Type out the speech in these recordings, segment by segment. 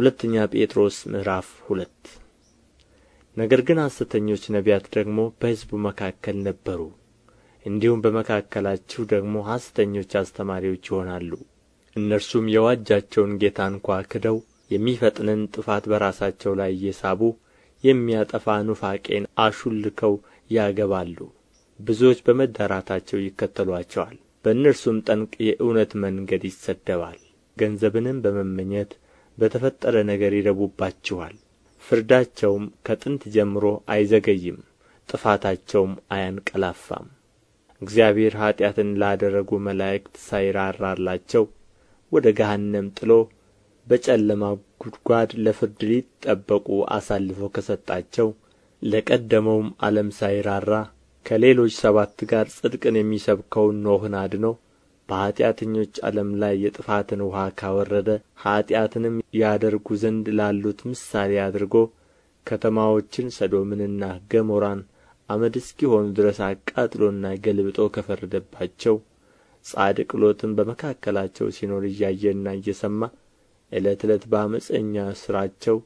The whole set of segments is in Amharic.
ሁለተኛ ጴጥሮስ ምዕራፍ ሁለት ነገር ግን ሐሰተኞች ነቢያት ደግሞ በሕዝቡ መካከል ነበሩ፣ እንዲሁም በመካከላችሁ ደግሞ ሐሰተኞች አስተማሪዎች ይሆናሉ። እነርሱም የዋጃቸውን ጌታ እንኳ ክደው የሚፈጥንን ጥፋት በራሳቸው ላይ እየሳቡ የሚያጠፋ ኑፋቄን አሹልከው ያገባሉ። ብዙዎች በመዳራታቸው ይከተሏቸዋል፣ በእነርሱም ጠንቅ የእውነት መንገድ ይሰደባል። ገንዘብንም በመመኘት በተፈጠረ ነገር ይረቡባችኋል ፍርዳቸውም ከጥንት ጀምሮ አይዘገይም ጥፋታቸውም አያንቀላፋም እግዚአብሔር ኃጢአትን ላደረጉ መላእክት ሳይራራላቸው ወደ ገሃነም ጥሎ በጨለማ ጉድጓድ ለፍርድ ሊጠበቁ አሳልፎ ከሰጣቸው ለቀደመውም ዓለም ሳይራራ ከሌሎች ሰባት ጋር ጽድቅን የሚሰብከውን ኖኅን አድኖ በኃጢአተኞች ዓለም ላይ የጥፋትን ውኃ ካወረደ ኃጢአትንም ያደርጉ ዘንድ ላሉት ምሳሌ አድርጎ ከተማዎችን ሰዶምንና ገሞራን አመድ እስኪሆኑ ድረስ አቃጥሎና ገልብጦ ከፈረደባቸው ጻድቅ ሎትም በመካከላቸው ሲኖር እያየና እየሰማ ዕለት ዕለት በአመፀኛ ሥራቸው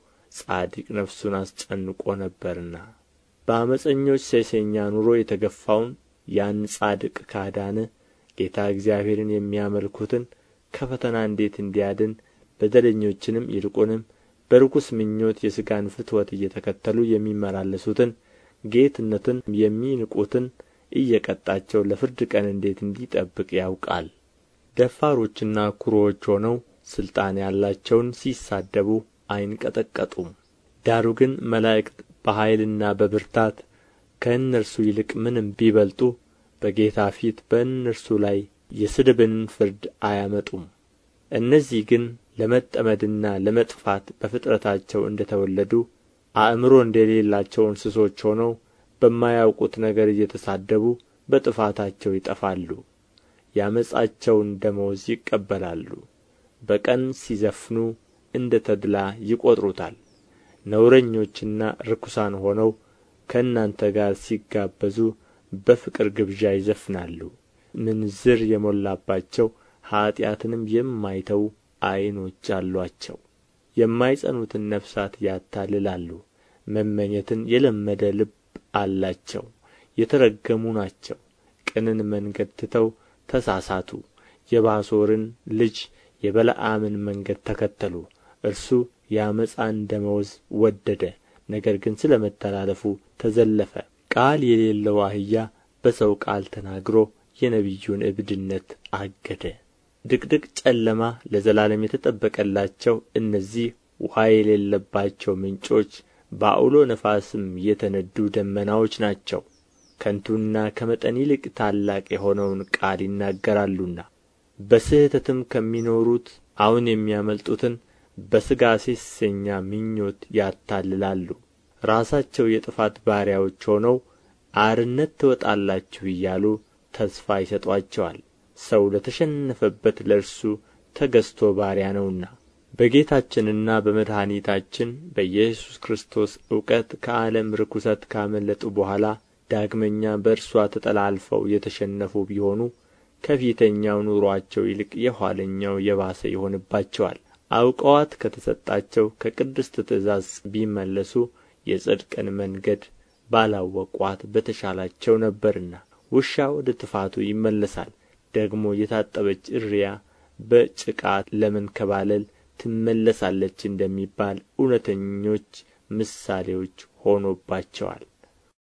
ጻድቅ ነፍሱን አስጨንቆ ነበርና በአመፀኞች ሴሰኛ ኑሮ የተገፋውን ያን ጻድቅ ካዳነ ጌታ እግዚአብሔርን የሚያመልኩትን ከፈተና እንዴት እንዲያድን በደለኞችንም ይልቁንም በርኩስ ምኞት የሥጋን ፍትወት እየተከተሉ የሚመላለሱትን ጌትነትን የሚንቁትን እየቀጣቸው ለፍርድ ቀን እንዴት እንዲጠብቅ ያውቃል። ደፋሮችና ኵሮዎች ሆነው ሥልጣን ያላቸውን ሲሳደቡ አይንቀጠቀጡም። ዳሩ ግን መላእክት በኃይልና በብርታት ከእነርሱ ይልቅ ምንም ቢበልጡ በጌታ ፊት በእነርሱ ላይ የስድብን ፍርድ አያመጡም እነዚህ ግን ለመጠመድና ለመጥፋት በፍጥረታቸው እንደ ተወለዱ አእምሮ እንደሌላቸው እንስሶች ሆነው በማያውቁት ነገር እየተሳደቡ በጥፋታቸው ይጠፋሉ። ያመጻቸውን ደመወዝ ይቀበላሉ። በቀን ሲዘፍኑ እንደ ተድላ ይቈጥሩታል። ነውረኞችና ርኩሳን ሆነው ከእናንተ ጋር ሲጋበዙ በፍቅር ግብዣ ይዘፍናሉ ምንዝር የሞላባቸው ኃጢአትንም የማይተው ዓይኖች አሏቸው። የማይጸኑትን ነፍሳት ያታልላሉ መመኘትን የለመደ ልብ አላቸው የተረገሙ ናቸው ቅንን መንገድ ትተው ተሳሳቱ የባሶርን ልጅ የበለዓምን መንገድ ተከተሉ እርሱ የዓመፃን ደመወዝ ወደደ ነገር ግን ስለ መተላለፉ ተዘለፈ ቃል የሌለው አህያ በሰው ቃል ተናግሮ የነቢዩን እብድነት አገደ ድቅድቅ ጨለማ ለዘላለም የተጠበቀላቸው እነዚህ ውኃ የሌለባቸው ምንጮች በአውሎ ነፋስም የተነዱ ደመናዎች ናቸው ከንቱና ከመጠን ይልቅ ታላቅ የሆነውን ቃል ይናገራሉና በስህተትም ከሚኖሩት አሁን የሚያመልጡትን በሥጋ ሴሰኛ ምኞት ያታልላሉ ራሳቸው የጥፋት ባሪያዎች ሆነው አርነት ትወጣላችሁ እያሉ ተስፋ ይሰጧቸዋል። ሰው ለተሸነፈበት ለእርሱ ተገዝቶ ባሪያ ነውና በጌታችንና በመድኃኒታችን በኢየሱስ ክርስቶስ እውቀት ከዓለም ርኵሰት ካመለጡ በኋላ ዳግመኛ በእርሷ ተጠላልፈው የተሸነፉ ቢሆኑ ከፊተኛው ኑሮአቸው ይልቅ የኋለኛው የባሰ ይሆንባቸዋል አውቀዋት ከተሰጣቸው ከቅድስት ትእዛዝ ቢመለሱ የጽድቅን መንገድ ባላወቋት በተሻላቸው ነበርና ውሻ ወደ ትፋቱ ይመለሳል ደግሞ የታጠበች እርያ በጭቃ ለመንከባለል ትመለሳለች እንደሚባል እውነተኞች ምሳሌዎች ሆኖባቸዋል